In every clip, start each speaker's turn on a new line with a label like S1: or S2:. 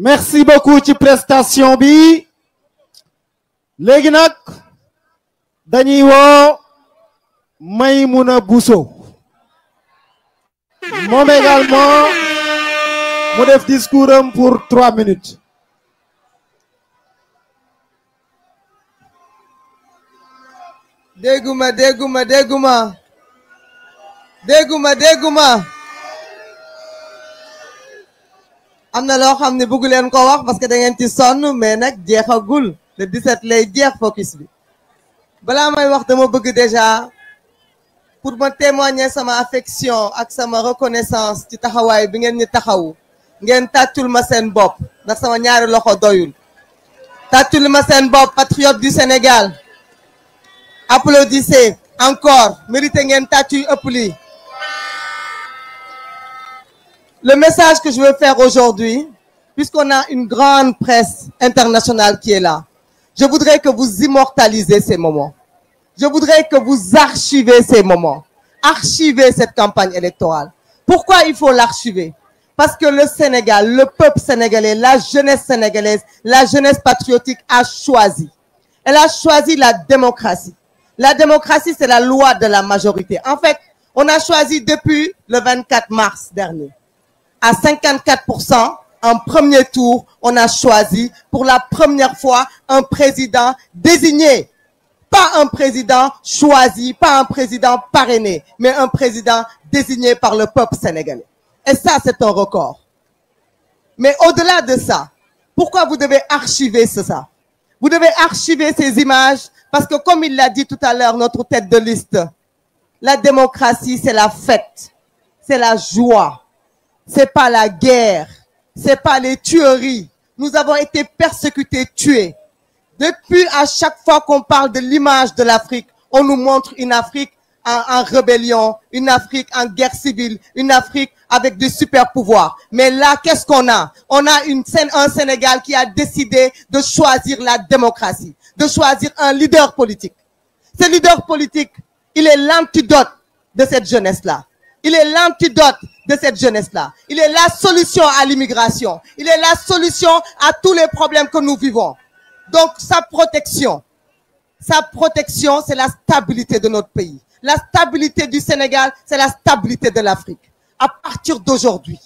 S1: merci beaucoup ci prestation bi léegi nag dañuy woo Maïmouna Bousso moom également mu def discours am pour trois minutes
S2: dégguma dégguma dégguma dégguma dégguma am na loo xam ne bëggu leen ko wax parce que da ngeen ci sonn mais nag jeexagul le 17 lay jeex focus bi balaa may wax dama bëgg déjà pour ma témoigner sama affection ak sama reconnaissance ci taxawaay bi ngeen ñu taxaw ngeen tàccul ma seen bopp ndax sama ñaari loxo doyul tàccul ma seen bopp patriote du Sénégal applaudissez encore mérité ngeen tàcc ëpp lii Le message que je veux faire aujourd'hui, a une grande presse internationale qui est là, je voudrais que vous immortalisez ces moments. Je voudrais que vous archivez ces moments. Archivez cette campagne électorale. Pourquoi Parce que le Sénégal, le peuple sénégalais, la jeunesse sénégalaise, la jeunesse patriotique a choisi. Elle a choisi la démocratie. La démocratie, c'est la la majorité. En fait, on a depuis le 24 mars dernier. à 54% en premier tour, on a choisi pour la première fois un président désigné. Pas un président choisi, pas président parrainé, mais un président désigné par le peuple sénégalais. Et ça, c'est un record. Mais au-delà de ça, pourquoi vous devez archiver ça Vous devez archiver ces images parce que comme il l'a dit tout à l'heure, notre tête de liste, la démocratie, c'est la fête, c'est la joie, c'est pas la guerre, c'est pas les tueries. Nous avons été persécutés, tués. Depuis à chaque fois qu'on parle de l'image de l'Afrique, on nous montre une Afrique en, en, rébellion, une Afrique en guerre civile, une Afrique avec des super Mais là, qu'est-ce qu'on a On a un Sénégal qui a décidé de choisir la démocratie, de choisir un leader politique. Ce leader politique, il est l'antidote de cette jeunesse-là. Il est l'antidote de cette jeunesse-là. Il est la solution à l'immigration. Il est la solution à tous les problèmes que nous vivons. Donc, sa protection, sa protection, c'est la stabilité de notre pays. La stabilité du Sénégal, c'est la stabilité de l'Afrique. À partir d'aujourd'hui,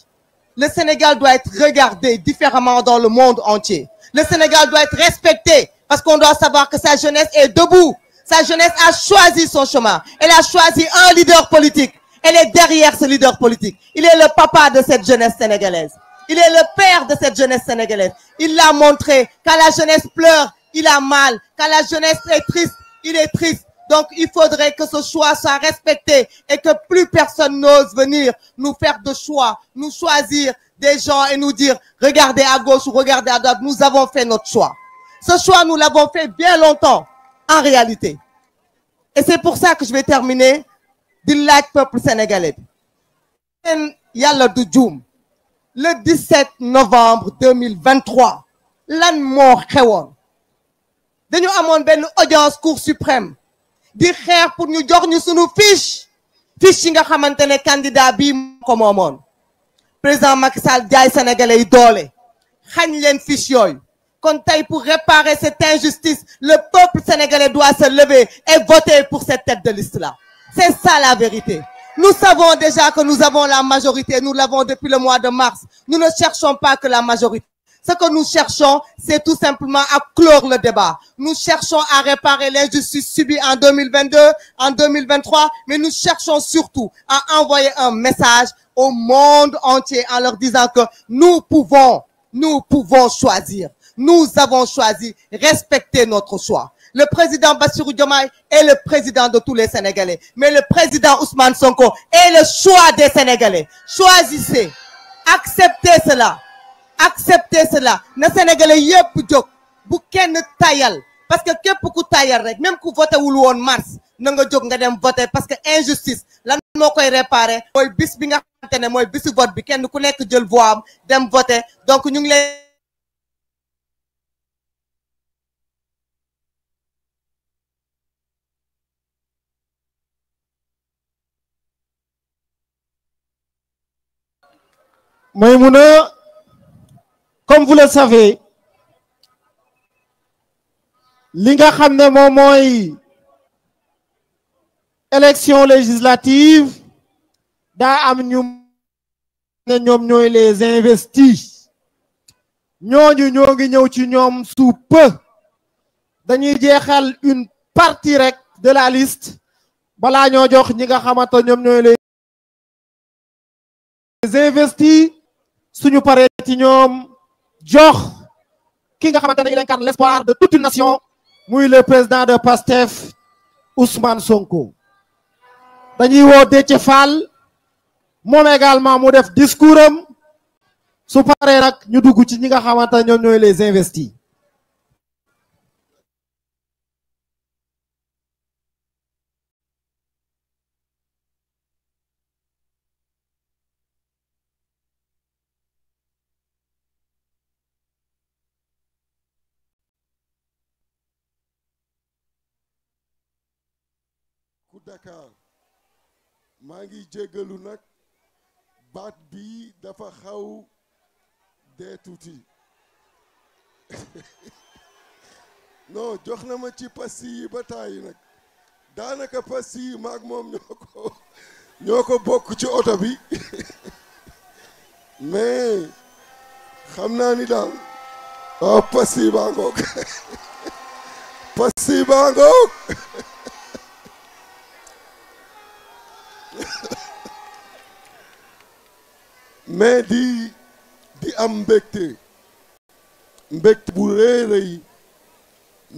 S2: le Sénégal doit être regardé différemment dans le monde entier. Le Sénégal doit être respecté parce qu'on doit savoir que sa jeunesse est debout. Sa jeunesse a choisi son chemin. Elle a choisi un politique. Elle est derrière ce leader politique. Il est le papa de cette jeunesse sénégalaise. Il est le père de cette jeunesse sénégalaise. Il l'a montré. Quand la jeunesse pleure, il a mal. Quand la jeunesse est triste, il est triste. Donc, il faudrait que ce choix soit respecté et que plus personne n'ose venir nous faire de choix, nous choisir des gens et nous dire, regardez à gauche ou regardez à droite, nous avons fait notre choix. Ce choix, nous l'avons fait bien longtemps, di laaj peuple sénégalais yàlla du juum le 17 novembre 2023 lan moo xewoon dañu amoon benn audience cour suprême di xeex pour ñu jox ñu sunu fiche fiche yi nga xamante ne candidat bii moo ko moomoon président Macky Sall jaay sénégalais yi doole xañ leen fiche kon tey pour réparer cette injustice le peuple sénégalais doit se lever et voter pour cette tête de C'est ça la vérité. Nous savons déjà que nous avons le mois de mars. Nous ne cherchons pas que la majorité. Ce que nous cherchons, c'est tout simplement à clore le débat. Nous cherchons à réparer l'injustice subie en 2022, en 2023, mais nous cherchons surtout à envoyer un message au monde entier en leur disant que nous pouvons, nous pouvons choisir. Nous avons choisi, respectez notre choix. Le président Bassirou Diomaye est le président de tous les Sénégalais. Mais le président Ousmane Sonko est le choix des Sénégalais. Choisissez. Acceptez cela. Acceptez cela. Na Sénégalais yëpp jóg bu kenn tayal parce que képp ku tayal rek même ku voté wul woon mars na nga jog nga dem voté parce que injustice lan moo koy réparé mooy bis bi nga xamante ne mooy bisu vote bi kenn ku nekk jël voix am dem voté donc
S1: Maïmouna, comme vous le savez, li nga xam ne moom mooy élection législative daa am ñu ne ñoom ñooy les investis ñooñu ñoo ngi ñëw ci ñoom sous dañuy jeexal une partie rek de la liste balaa ñoo jox ñi nga xamante ñoom ñooy les investis suñu paree ci ñoom jox ki nga xamante ne il incarne l'espoir de toute une nation muy le président de PASTEF Ousmane Sonko dañuy woo Déthié Fall moom également mu def discours am su paree nag ñu dugg ci ñi nga xamante ne ñoom ñooy les investis
S3: Dakar maa ngi jéggalu nag baat bi dafa xaw dee tuuti non jox na ma ci pastille yi ba tàyyi nag daanaka pastille yi maag moom ñoo ko bokk ci oto bi mais xam naa ni daal waaw ah, baa ngoog pastille baa ngoog mais di di am mbégte mbégte bu rëy rëy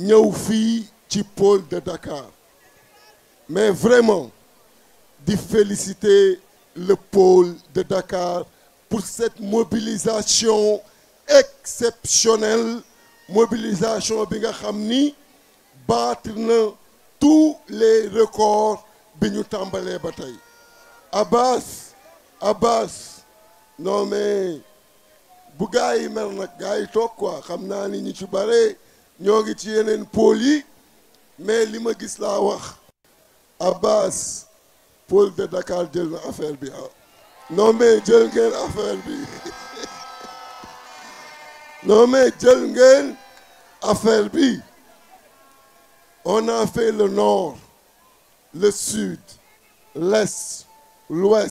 S3: ñëw fii ci pôle de Dakar mais vraiment di féliciter le pôle de Dakar pour cette mobilisation exceptionnelle mobilisation bi nga xam ni battre na tous les records bi ñu tàmbalee ba tey Abbas Abbas non mais bu yi mer naa ni ñu ci bare ñoo ngi ci yeneen pôle yi mais li ma gis laa wax Abbas pôle de Dakar jël affaire bi ah bi non jël ngeen bi on a fait nord le sud l'est l'ouest